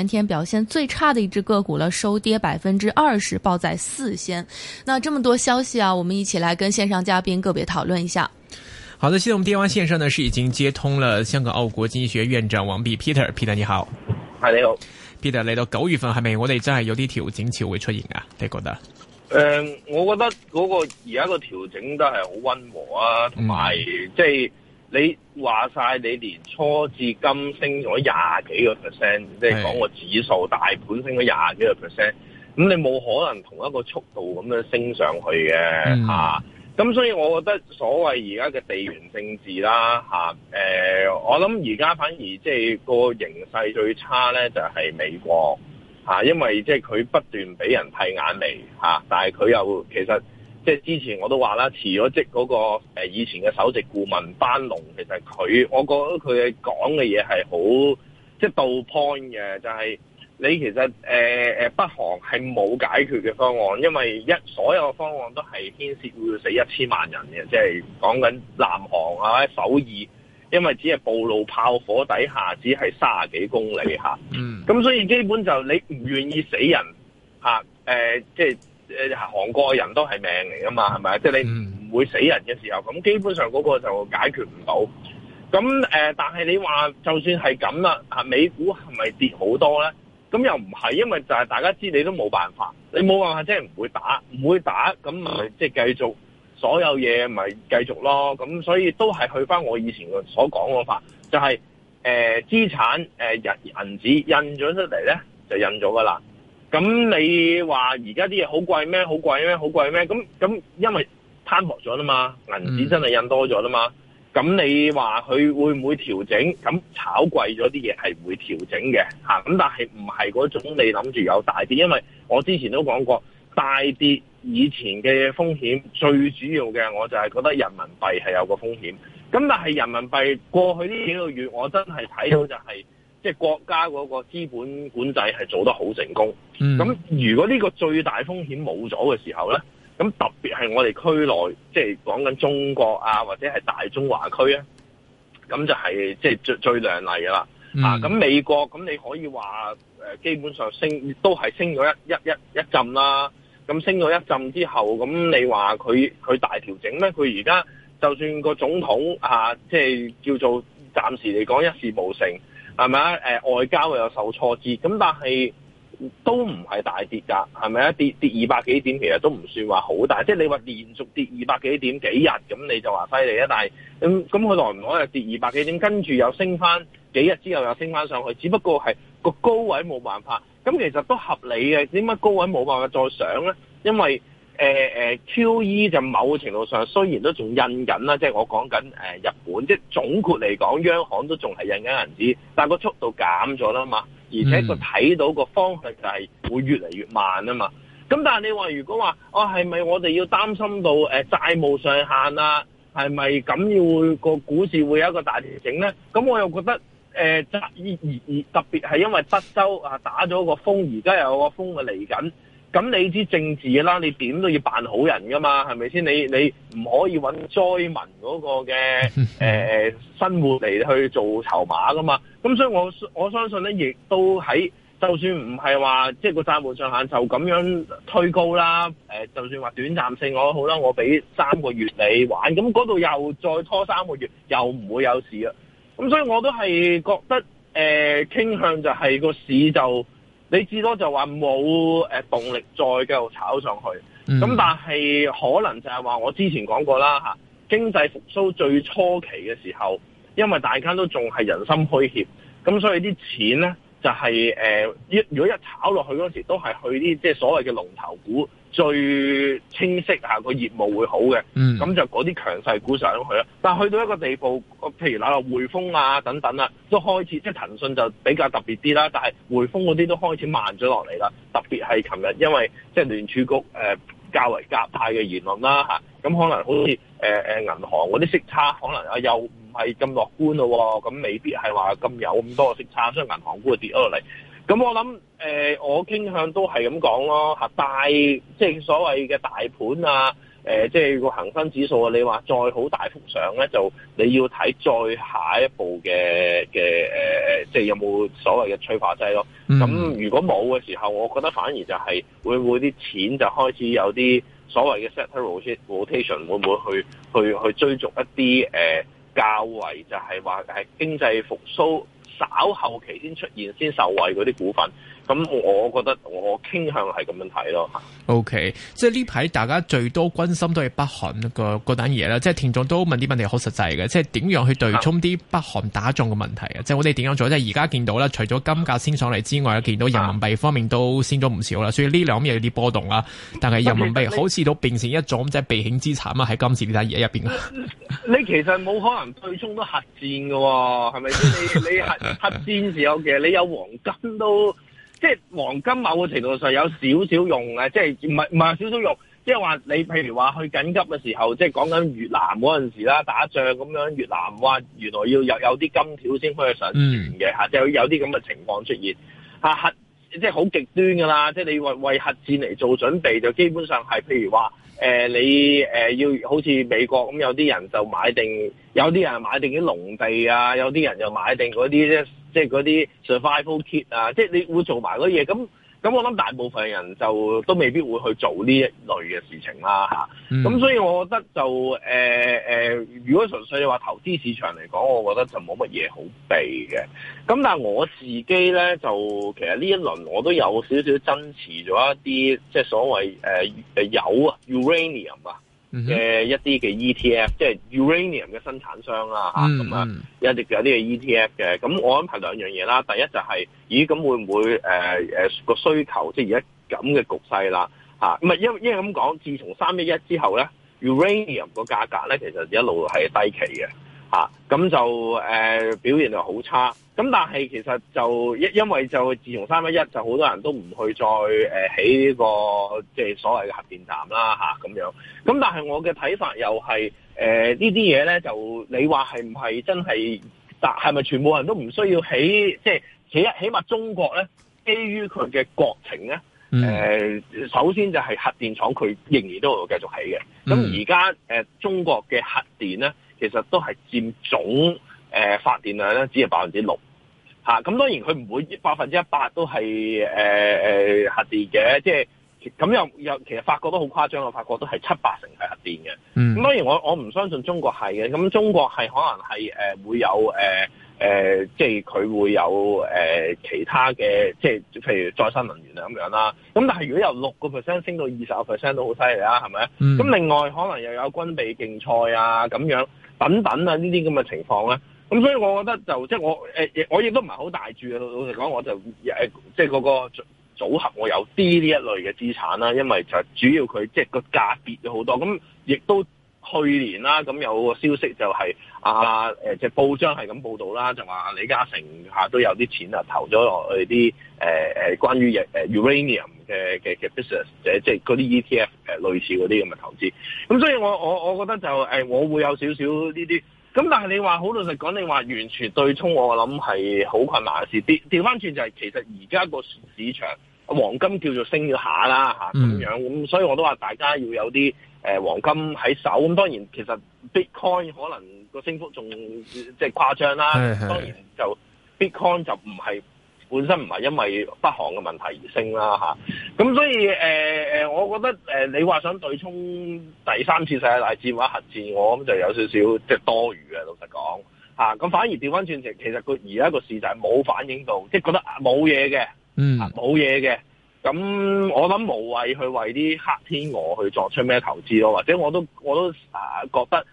全天表現最差的一隻個股了，收跌百分之二十，報在四仙。那這麼多消息啊，我們一起來跟線上嘉賓個別討論一下。好的，現在我們電話線上呢是已經接通了香港澳國經濟學院院長王弼 Peter，Peter Peter, 你好，嗨你好，Peter，來到九月份，係咪我哋真係有啲調整潮會出現啊？你覺得？誒、呃，我覺得嗰、那個而家個調整都係好温和啊，同、嗯、埋即係。你話曬，你年初至今升咗廿幾個 percent，即係講個指數大盤升咗廿幾個 percent，咁你冇可能同一個速度咁樣升上去嘅咁、嗯啊、所以我覺得所謂而家嘅地緣政治啦、啊呃、我諗而家反而即係個形勢最差咧就係美國、啊、因為即係佢不斷俾人剃眼眉吓、啊、但係佢又其實。即係之前我都話啦，辭咗職嗰個以前嘅首席顧問班龍，其實佢我覺得佢講嘅嘢係好即係道 point 嘅，就係、是、你其實誒、呃、北韓係冇解決嘅方案，因為一所有方案都係牽涉會要死一千萬人嘅，即係講緊南韓啊、首爾，因為只係暴露炮火底下只係三十幾公里下咁、嗯、所以基本就你唔願意死人嚇、呃、即係。誒，韓國嘅人都係命嚟噶嘛，係咪啊？即係你唔會死人嘅時候，咁基本上嗰個就解決唔到。咁誒、呃，但係你話就算係咁啦，啊，美股係咪跌好多咧？咁又唔係，因為就係大家知你都冇辦法，你冇辦法即係唔會打，唔會打，咁咪即係繼續所有嘢咪繼續咯。咁所以都係去翻我以前所講嗰法，就係、是、誒、呃、資產誒、呃、銀銀紙印咗出嚟咧，就印咗噶啦。咁你話而家啲嘢好貴咩？好貴咩？好貴咩？咁咁因為攤薄咗啦嘛，銀紙真係印多咗啦嘛。咁你話佢會唔會調整？咁炒貴咗啲嘢係唔會調整嘅吓。咁但係唔係嗰種你諗住有大跌，因為我之前都講過大跌以前嘅風險最主要嘅，我就係覺得人民幣係有個風險。咁但係人民幣過去呢幾個月，我真係睇到就係、是。即係國家嗰個資本管制係做得好成功。咁如果呢個最大風險冇咗嘅時候咧，咁特別係我哋區內，即係講緊中國啊，或者係大中華區咧，咁就係、是、即係最最亮麗嘅啦。嗯、啊，咁美國咁你可以話誒基本上升都係升咗一一一一浸啦。咁升咗一浸之後，咁你話佢佢大調整呢？佢而家就算個總統啊，即係叫做暫時嚟講一事無成。係咪啊？誒外交又受挫折，咁但係都唔係大跌㗎，係咪啊？跌跌二百幾點，其實都唔算話好大。即係你話連續跌二百幾點幾日，咁你就話犀利啊！但係咁咁佢耐唔耐又跌二百幾點，跟住又升翻幾日之後又升翻上去，只不過係個高位冇辦法。咁其實都合理嘅，點解高位冇辦法再上咧？因為呃、QE 就某程度上雖然都仲印緊啦，即係我講緊、呃、日本，即係總括嚟講，央行都仲係印緊銀紙，但個速度減咗啦嘛，而且佢睇到個方向就係會越嚟越慢啊嘛。咁但係你話如果話，哦係咪我哋要擔心到誒債、呃、務上限啊？係咪咁要個股市會有一個大調整咧？咁我又覺得、呃、而而特別係因為德州啊打咗個風，而家又有個風嘅嚟緊。咁你知政治嘅啦，你點都要扮好人噶嘛，係咪先？你你唔可以搵災民嗰個嘅誒誒生活嚟去做籌碼噶嘛。咁所以我，我我相信咧，亦都喺就算唔係話即係個債務上限就咁樣推高啦。呃、就算話短暫性，我好啦，我俾三個月你玩，咁嗰度又再拖三個月，又唔會有事啊。咁所以我都係覺得誒、呃、傾向就係個市就。你至多就話冇誒動力再繼續炒上去，咁、嗯、但係可能就係話我之前講過啦，經濟復甦最初期嘅時候，因為大家都仲係人心虛怯，咁所以啲錢咧就係誒一如果一炒落去嗰陣時，都係去啲即係所謂嘅龍頭股。最清晰下個業務會好嘅，咁、嗯、就嗰啲強勢股上去啦。但係去到一個地步，譬如攞落匯豐啊等等啦，都開始即係騰訊就比較特別啲啦。但係匯豐嗰啲都開始慢咗落嚟啦。特別係琴日，因為即係、就是、聯儲局誒、呃、較為鴿派嘅言論啦嚇，咁、啊、可能好似誒誒銀行嗰啲息差，可能啊又唔係咁樂觀咯喎，咁未必係話咁有咁多息差，所以銀行股就會跌咗落嚟。咁我諗，誒、呃，我傾向都係咁講咯，大，即係所謂嘅大盤啊，誒、呃，即係個恒生指數啊，你話再好大幅上咧，就你要睇再下一步嘅嘅、呃、即係有冇所謂嘅催化劑咯。咁、嗯、如果冇嘅時候，我覺得反而就係會唔會啲錢就開始有啲所謂嘅 sector rotation，會唔會去去去追逐一啲誒較為就係話係經濟復甦稍後期先出現，先受惠嗰啲股份。咁我覺得我傾向係咁樣睇咯。OK，即係呢排大家最多關心都係北韓個個單嘢啦。即係聽眾都問啲問題好實際嘅，即係點樣去對沖啲北韓打仗嘅問題啊？即係我哋點樣做？即係而家見到啦，除咗金價升上嚟之外，見到人民幣方面都升咗唔少啦。所以呢兩嘢有啲波動啦，但係人民幣好似都變成一種即係避險資產啊，喺今次呢單嘢入邊你其實冇可能對沖都核戰㗎喎，係咪先？你你核核戰時候，其實你有黃金都。即係黃金某個程度上有少少用嘅，即係唔係唔係少少用，即係話你譬如話去緊急嘅時候，即係講緊越南嗰陣時啦，打仗咁樣越南話原來要有有啲金條先可以上船嘅嚇，即有有啲咁嘅情況出現，啊、核，即係好極端㗎啦，即係你要為，為核戰嚟做準備，就基本上係譬如話。誒、呃，你誒要好似美國咁，有啲人就買定，有啲人買定啲農地啊，有啲人就買定嗰啲即係嗰啲 survival kit 啊，即係你會做埋嗰嘢咁。咁我諗大部分人就都未必會去做呢一類嘅事情啦嚇，咁，嗯，所以我覺得就誒誒、呃呃，如果純粹話投資市場嚟講，我覺得就冇乜嘢好避嘅。咁但係我自己咧，就其實呢一輪我都有少少增持咗一啲，即、就、係、是、所謂誒誒油啊，uranium 啊。嘅、mm -hmm. 一啲嘅 ETF，即係 uranium 嘅生產商啦咁啊，樣 mm -hmm. 有啲有啲嘅 ETF 嘅，咁我安排兩樣嘢啦。第一就係、是、咦，咁會唔會誒、呃、個需求，即係而家咁嘅局勢啦嚇，唔、啊、因因為咁講，自從三一一之後咧，uranium 個價格咧其實一路係低企嘅。咁、啊、就誒、呃、表現就好差，咁但係其實就因因為就自從三一一，就好多人都唔去再誒、呃、起、呢個即係所謂嘅核電站啦咁、啊、樣，咁但係我嘅睇法又係誒、呃、呢啲嘢咧，就你話係唔係真係，但係咪全部人都唔需要起即係、就是、起一起碼中國咧，基於佢嘅國情咧、嗯呃，首先就係核電廠佢仍然都有繼續起嘅，咁而家中國嘅核電咧。其實都係佔總誒、呃、發電量咧，只係百分之六吓。咁當然佢唔會百分之一百都係誒、呃、核電嘅，即係咁又又其實法國都好誇張，法國都係七八成係核電嘅。咁、嗯、當然我我唔相信中國係嘅，咁中國係可能係誒、呃、會有誒。呃誒、呃，即係佢會有誒、呃、其他嘅，即係譬如再生能源咁樣啦。咁但係如果由六個 percent 升到二十二個 percent 都好犀利啦，係咪？咁、嗯、另外可能又有軍備競賽啊，咁樣等等啊，呢啲咁嘅情況咧、啊。咁所以我覺得就即係我亦、呃、我亦都唔係好大注。老實講，我就即係嗰個組合，我有啲呢一類嘅資產啦、啊，因為就主要佢即係個價跌咗好多，咁亦都。去年啦，咁有個消息就係、是、啊，即、呃、係報章係咁報導啦，就話李嘉誠吓都有啲錢啊，投咗落去啲誒關於 uranium 嘅嘅嘅 business，即係即係嗰啲 ETF，、呃、類似嗰啲咁嘅投資。咁所以我我我覺得就、呃、我會有少少呢啲。咁但係你話好老實講，你話完全對沖，我諗係好困難嘅事。跌調返轉就係、是、其實而家個市場。黃金叫做升咗下啦咁樣咁、嗯，所以我都話大家要有啲黃金喺手咁。當然其實 Bitcoin 可能個升幅仲即係誇張啦。當然就 Bitcoin 就唔係本身唔係因為北韓嘅問題而升啦咁、啊、所以誒、呃、我覺得、呃、你話想對沖第三次世界大戰或核戰我，我諗就有少少即係、就是、多餘啊。老實講咁、啊、反而調翻轉頭其實佢而家個市就係冇反應到，即係覺得冇嘢嘅。嗯、啊，冇嘢嘅，咁我諗無謂去為啲黑天鵝去作出咩投資咯，或者我都我都啊覺得，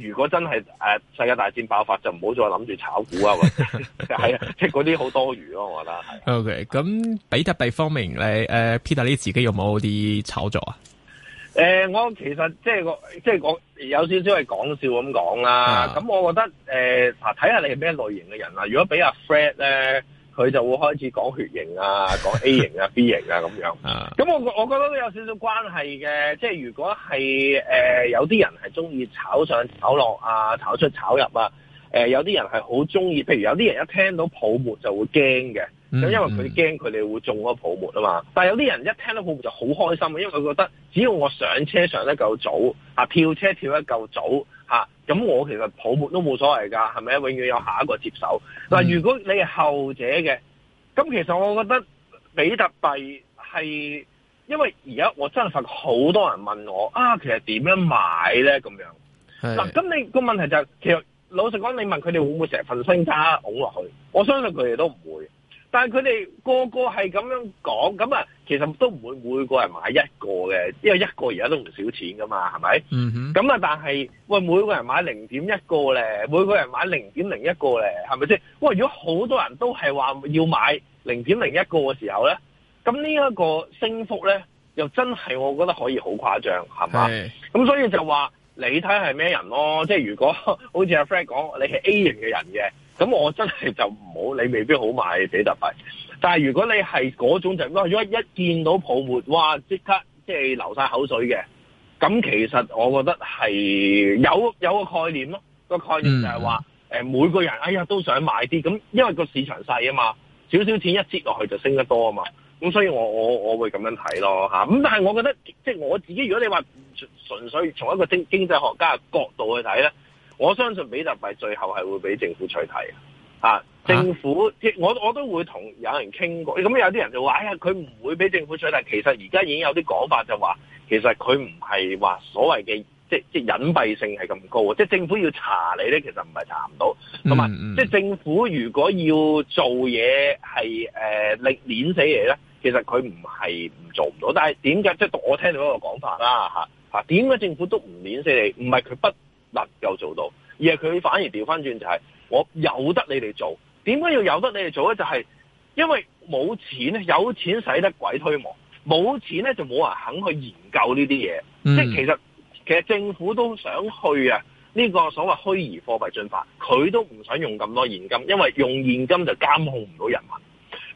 如果真係誒、呃、世界大戰爆發，就唔好再諗住炒股啊，係 啊， 即係嗰啲好多餘咯，我覺得。OK，咁比特幣方面咧，誒、呃、Peter 你自己有冇啲炒作啊？誒、呃，我其實即係我即係講有少少係講笑咁講啦，咁、啊、我覺得誒，嗱睇下你係咩類型嘅人啦。如果俾阿 Fred 咧、呃。佢就會開始講血型啊，講 A 型啊、 B 型啊咁樣。咁我我覺得都有少少關係嘅。即係如果係、呃、有啲人係中意炒上炒落啊，炒出炒入啊。呃、有啲人係好中意，譬如有啲人一聽到泡沫就會驚嘅。咁因為佢驚佢哋會中嗰泡沫啊嘛。但有啲人一聽到泡沫就好開心，因為佢覺得只要我上車上得夠早啊，跳車跳得夠早。咁、啊、我其實泡沫都冇所謂㗎，係咪永遠有下一個接手？但、啊、如果你係後者嘅，咁其實我覺得比特幣係，因為而家我真係發覺好多人問我啊，其實點樣買咧咁樣？嗱、啊，咁你個問題就係、是，其實老實講，你問佢哋會唔會成日份星卡好落去，我相信佢哋都唔會。但係佢哋個個係咁樣講，咁啊，其實都唔會每個人買一個嘅，因為一個而家都唔少錢噶嘛，係咪？咁啊，mm-hmm，但係喂，每個人買零點一個咧，每個人買零點零一個咧，係咪先？喂，如果好多人都係話要買零點零一個嘅時候咧，咁呢一個升幅咧，又真係我覺得可以好誇張，係嘛？mm-hmm，咁所以就話你睇下係咩人咯？即係如果好似阿 Fred 講，你係 A 型嘅人嘅。咁我真係就唔好，你未必好買比特幣。但係如果你係嗰種就咁，因為一見到泡沫，哇！即刻即係流曬口水嘅。咁其實我覺得係有有個概念咯，個概念就係話、嗯、每個人哎呀都想買啲。咁因為個市場細啊嘛，少少錢一擠落去就升得多啊嘛。咁所以我我我會咁樣睇咯嚇。咁但係我覺得即係我自己，如果你話純粹從一個經經濟學家嘅角度去睇咧。我相信比特幣最後係會俾政府取締啊，啊！政府即我我都會同有人傾過，咁、嗯、有啲人就話，哎呀，佢唔會俾政府取締。其實而家已經有啲講法就話，其實佢唔係話所謂嘅即即隱蔽性係咁高即即政府要查你咧，其實唔係查唔到，同、嗯、埋即政府如果要做嘢係誒力碾死你咧，其實佢唔係唔做唔到。但係點解即係我聽到一個講法啦？點、啊、解政府都唔碾死你？唔係佢不。能夠做到，而係佢反而調翻轉就係、是，我有得你哋做，點解要有得你哋做咧？就係、是、因為冇錢咧，有錢使得鬼推磨，冇錢咧就冇人肯去研究呢啲嘢。嗯、即係其實其實政府都想去啊，呢個所謂虛擬貨幣進化，佢都唔想用咁多現金，因為用現金就監控唔到人民。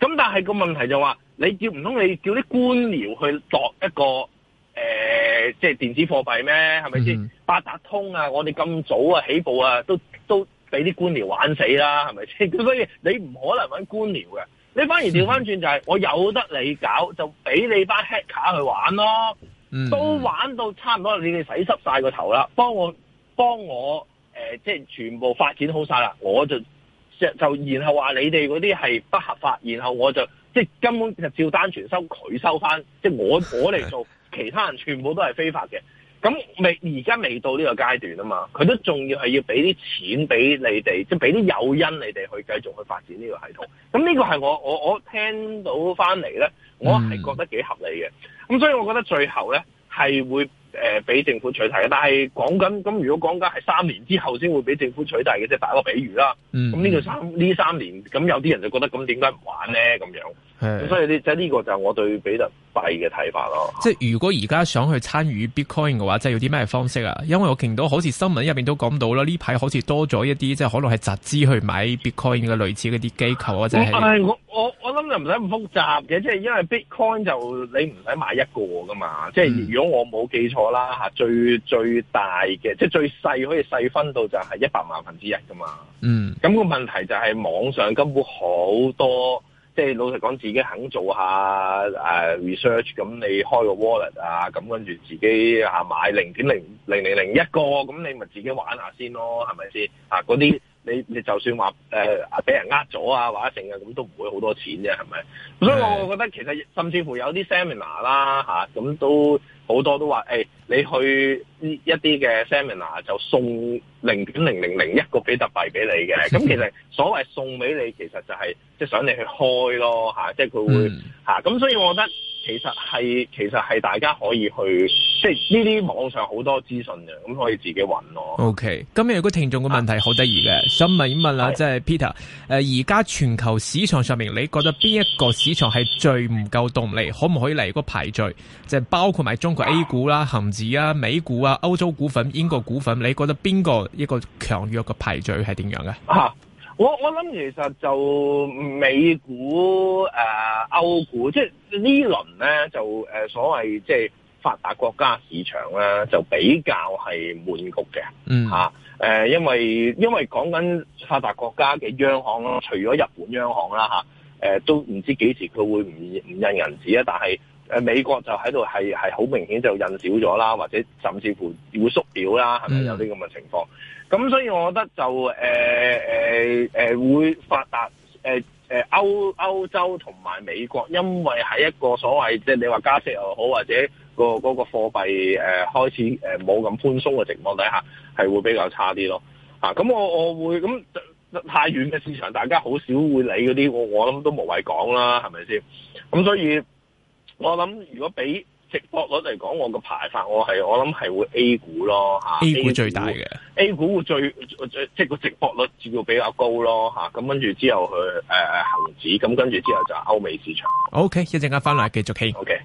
咁但係個問題就話、是，你叫唔通你叫啲官僚去作一個？誒、呃，即係電子貨幣咩？係咪先？Mm -hmm. 八達通啊，我哋咁早啊起步啊，都都俾啲官僚玩死啦，係咪先？所以你唔可能搵官僚嘅，你反而調翻轉就係、是 mm -hmm. 我有得你搞，就俾你班黑客去玩咯。Mm -hmm. 都玩到差唔多你了了，你哋洗濕晒個頭啦。幫我，幫我，誒、呃，即係全部發展好晒啦。我就就，就然後話你哋嗰啲係不合法，然後我就即係根本就照單全收，佢收翻，即係我我嚟做。 其他人全部都係非法嘅，咁未而家未到呢個階段啊嘛，佢都仲要係要俾啲錢俾你哋，即係俾啲誘因你哋去繼續去發展呢個系統。咁呢個係我我我聽到翻嚟咧，我係覺得幾合理嘅。咁所以我覺得最後咧係會誒俾、呃、政府取締嘅。但係講緊咁，如果講緊係三年之後先會俾政府取締嘅，即係打個比喻啦。咁、嗯、呢個三呢三年，咁有啲人就覺得咁點解唔玩咧咁樣？所以呢即係呢個就係我對比特幣嘅睇法咯。即係如果而家想去參與 Bitcoin 嘅話，即係有啲咩方式啊？因為我見到好似新聞入邊都講到啦，呢排好似多咗一啲即係可能係集資去買 Bitcoin 嘅類似嗰啲機構或者係我我我諗就唔使咁複雜嘅，即係因為 Bitcoin 就你唔使買一個噶嘛。嗯、即係如果我冇記錯啦吓，最最大嘅即係最細可以細分到就係一百萬分之一噶嘛。嗯。咁、咁個問題就係網上根本好多。即係老實講，自己肯做下誒、啊、research，咁你開個 wallet 啊，咁跟住自己買零點零零零零一個，咁你咪自己玩下先咯，係咪先？嗰啲你你就算話誒俾人呃咗啊，或者剩啊，咁都唔會好多錢啫，係咪？所以我覺得其實甚至乎有啲 seminar 啦吓，咁都。好多都話誒、欸，你去一啲嘅 seminar 就送零點零零零一個比特幣俾你嘅。咁其實所謂送俾你，其實就係即係想你去開咯吓、啊，即係佢會吓，咁、嗯啊、所以我覺得其實係其實係大家可以去即係呢啲網上好多資訊嘅，咁可以自己搵咯。OK，今日如果聽眾嘅問題好得意嘅，啊、想問一問啊，即係、就是、Peter，誒而家全球市場上面你覺得邊一個市場係最唔夠動力，可唔可以嚟個排序？即、就、係、是、包括埋中。包括 A 股啦、啊、恒指啊、美股啊、歐洲股份、英國股份，你覺得邊個一個強弱嘅排序係點樣嘅、啊？我我諗其實就美股誒、歐、呃、股，即係呢輪咧就誒、呃、所謂即係發達國家市場咧就比較係悶局嘅。嗯、吓、啊、誒、呃，因為因為講緊發達國家嘅央行啦，除咗日本央行啦吓，誒都唔知幾時佢會唔唔印銀紙啊，呃、但係。誒美國就喺度係係好明顯就印少咗啦，或者甚至乎會縮表啦，係咪有啲咁嘅情況？咁、嗯、所以我覺得就誒、呃呃、會發達誒、呃、歐，歐洲同埋美國，因為喺一個所謂即係、即係、你話加息又好，或者、嗰個嗰、嗰個貨幣誒、呃、開始冇咁寬鬆嘅情況底下，係會比較差啲咯。咁、啊、我我會咁太遠嘅市場，大家好少會理嗰啲，我我諗都無謂講啦，係咪先？咁所以。我諗如果俾值博率嚟講，我嘅排法我係我諗係會 A 股咯，吓，A 股最大嘅 A，A 股最即係個值博率要比較高咯吓，咁跟住之後去誒誒、呃、恒指，咁跟住之後就係歐美市場。O K，一陣間翻嚟繼續傾。O K。